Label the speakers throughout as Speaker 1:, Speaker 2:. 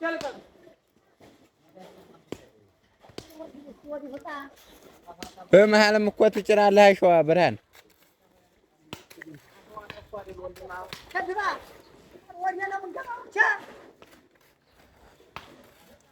Speaker 1: चल कर
Speaker 2: በመሀል እኮ ትጭራለህ። አሸዋ ብርሃን ከድራ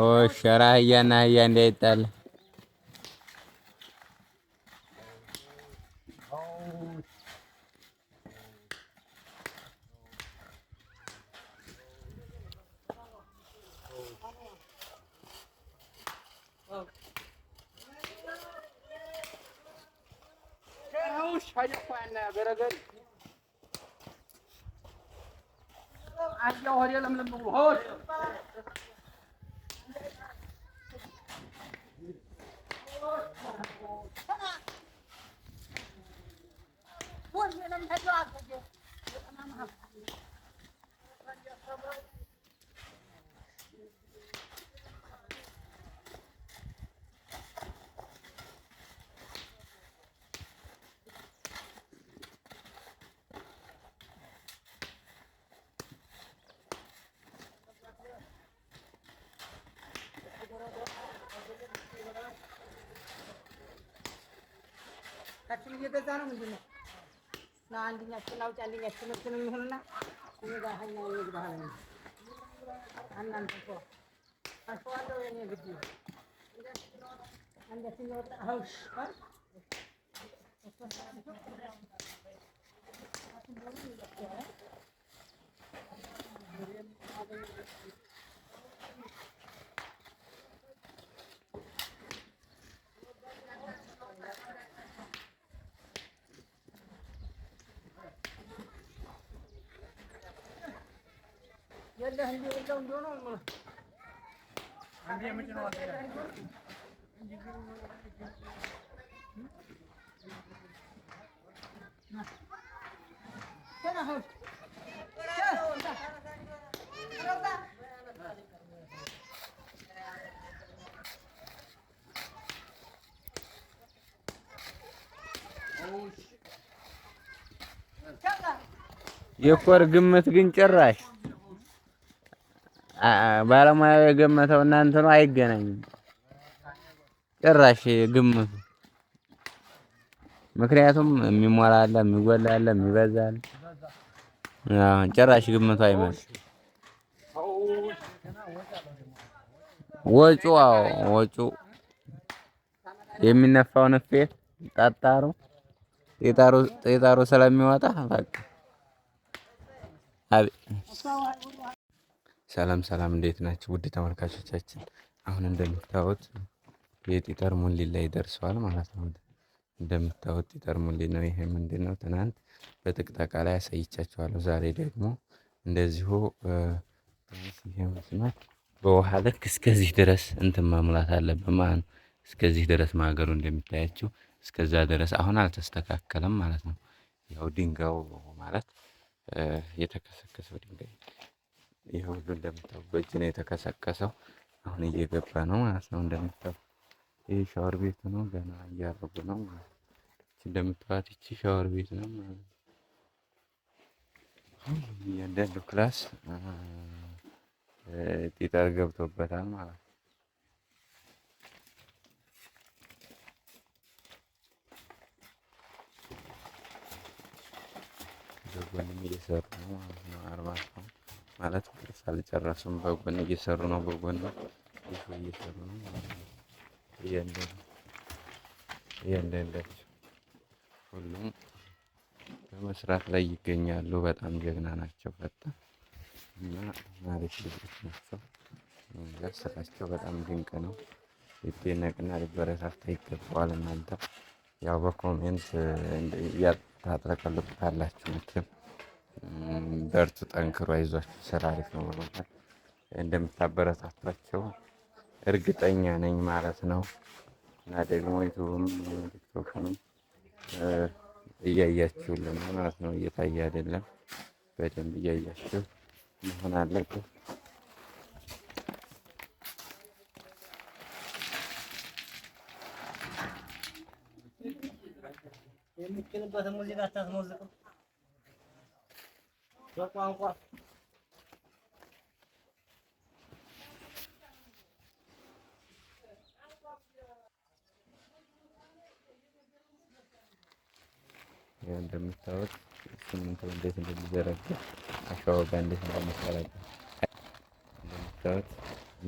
Speaker 2: ఓ షరా అయ్యానా అయ్యండి అయితే مش هجفوا عنا برجل عجوهر يلا من المغلوهات وين انا مهدوا عقبك انا مهدوا ስራችን እየበዛ ነው። ምንድን ነው ና አንደኛችን አውጪ አንደኛችን መስሎን የሚሆንና እኔ ጋር የኮር ግምት ግን ጭራሽ ባለሙያው የገመተው እና እንትኑ አይገናኝም ጭራሽ ግምቱ። ምክንያቱም የሚሞላ አለ፣ የሚጎላ አለ፣ የሚበዛ አለ። ጭራሽ ግምቱ አይመስል ወጩ አዎ ወጩ የሚነፋው ንፌት ጠጣሩ ጤጣሩ ስለሚወጣ በቃ ሰላም ሰላም እንዴት ናቸው ውድ ተመልካቾቻችን፣ አሁን እንደምታዩት የጢጠር ሙሊላ ላይ ደርሰዋል ማለት ነው። እንደምታዩት ጢጠር ሙሊት ነው። ይሄ ምንድን ነው? ትናንት በጥቅጠቃ ላይ አሳይቻችኋለሁ። ዛሬ ደግሞ እንደዚሁ ይሄ መስመር በውሃ ልክ እስከዚህ ድረስ እንትን መሙላት አለብን ማለት ነው። እስከዚህ ድረስ ማገሩ እንደሚታያችው እስከዛ ድረስ አሁን አልተስተካከለም ማለት ነው። ያው ድንጋዩ ማለት የተከሰከሰው ድንጋይ ይህ ሁሉ እንደምታው በእጅ ነው የተከሰከሰው። አሁን እየገባ ነው ማለት ነው። እንደምታው ይህ ሻወር ቤት ነው። ገና እያረጉ ነው ማለት እንደምታዋት ይቺ ሻወር ቤት ነው ማለት ነው። እያንዳንዱ ክላስ ጢጠር ገብቶበታል ማለት ነው። ጎንም እየሰሩ ነው ማለት ነው። አርባ ሰው ማለት ቅርጽ አልጨረሱም። በጎን እየሰሩ ነው። በጎን እየሰሩ ነው። እያንዳንዳቸው ሁሉም በመስራት ላይ ይገኛሉ። በጣም ጀግና ናቸው። በጣም እና አሪፍ ልጆች ናቸው። መንገድ ስራቸው በጣም ድንቅ ነው። ሊደነቅና ሊበረታታ ይገባዋል። እናንተ ያው በኮሜንት እያታጥለቀልቁታላችሁ መቼም በርቱ፣ ጠንክሮ አይዟችሁ፣ ስራ አሪፍ ነው ብሎታል። እንደምታበረታቷቸው እርግጠኛ ነኝ ማለት ነው እና ደግሞ ዩቱብም ቲክቶክንም እያያችሁልን ማለት ነው። እየታየ አይደለም፣ በደንብ እያያችሁ መሆን አለበት። የምትችልበትን ሙዚቃ አታስሞዝቁ። በቋንቋ እንደምታወት ስምንት እንዴት እንደሚዘረጋ አሸዋ ጋር እንዴት እንደሚሰራጋ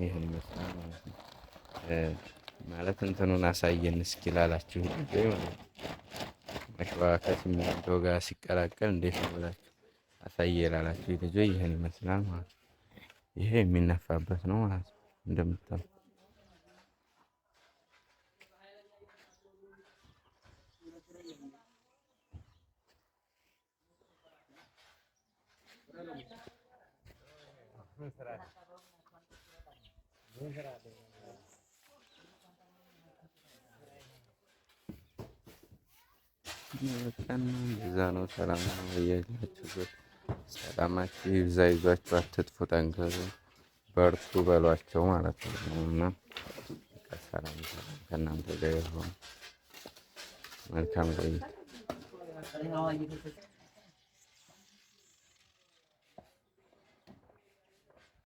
Speaker 2: ይህን ይመስላል ማለት ነው። ማለት እንትኑን አሳየን እስኪ ላላችሁ አሸዋ ከሲሚንቶ ጋር ሲቀላቀል እንዴት ነው ብላችሁ አሳየህ ላላችሁ ልጆ ይህን ይመስላል ማለት ነው። ይሄ የሚነፋበት ነው ማለት ነው እንደምታው ዛነው ሰላም ነው ያላችሁበት ሰላማችሁ ይብዛ፣ ይዟችሁ አትጥፉ፣ ጠንክሩ፣ በርቱ በሏቸው ማለት ነው እና ሰላም ሰላም ከእናንተ ጋር ይሁን። መልካም ቆይታ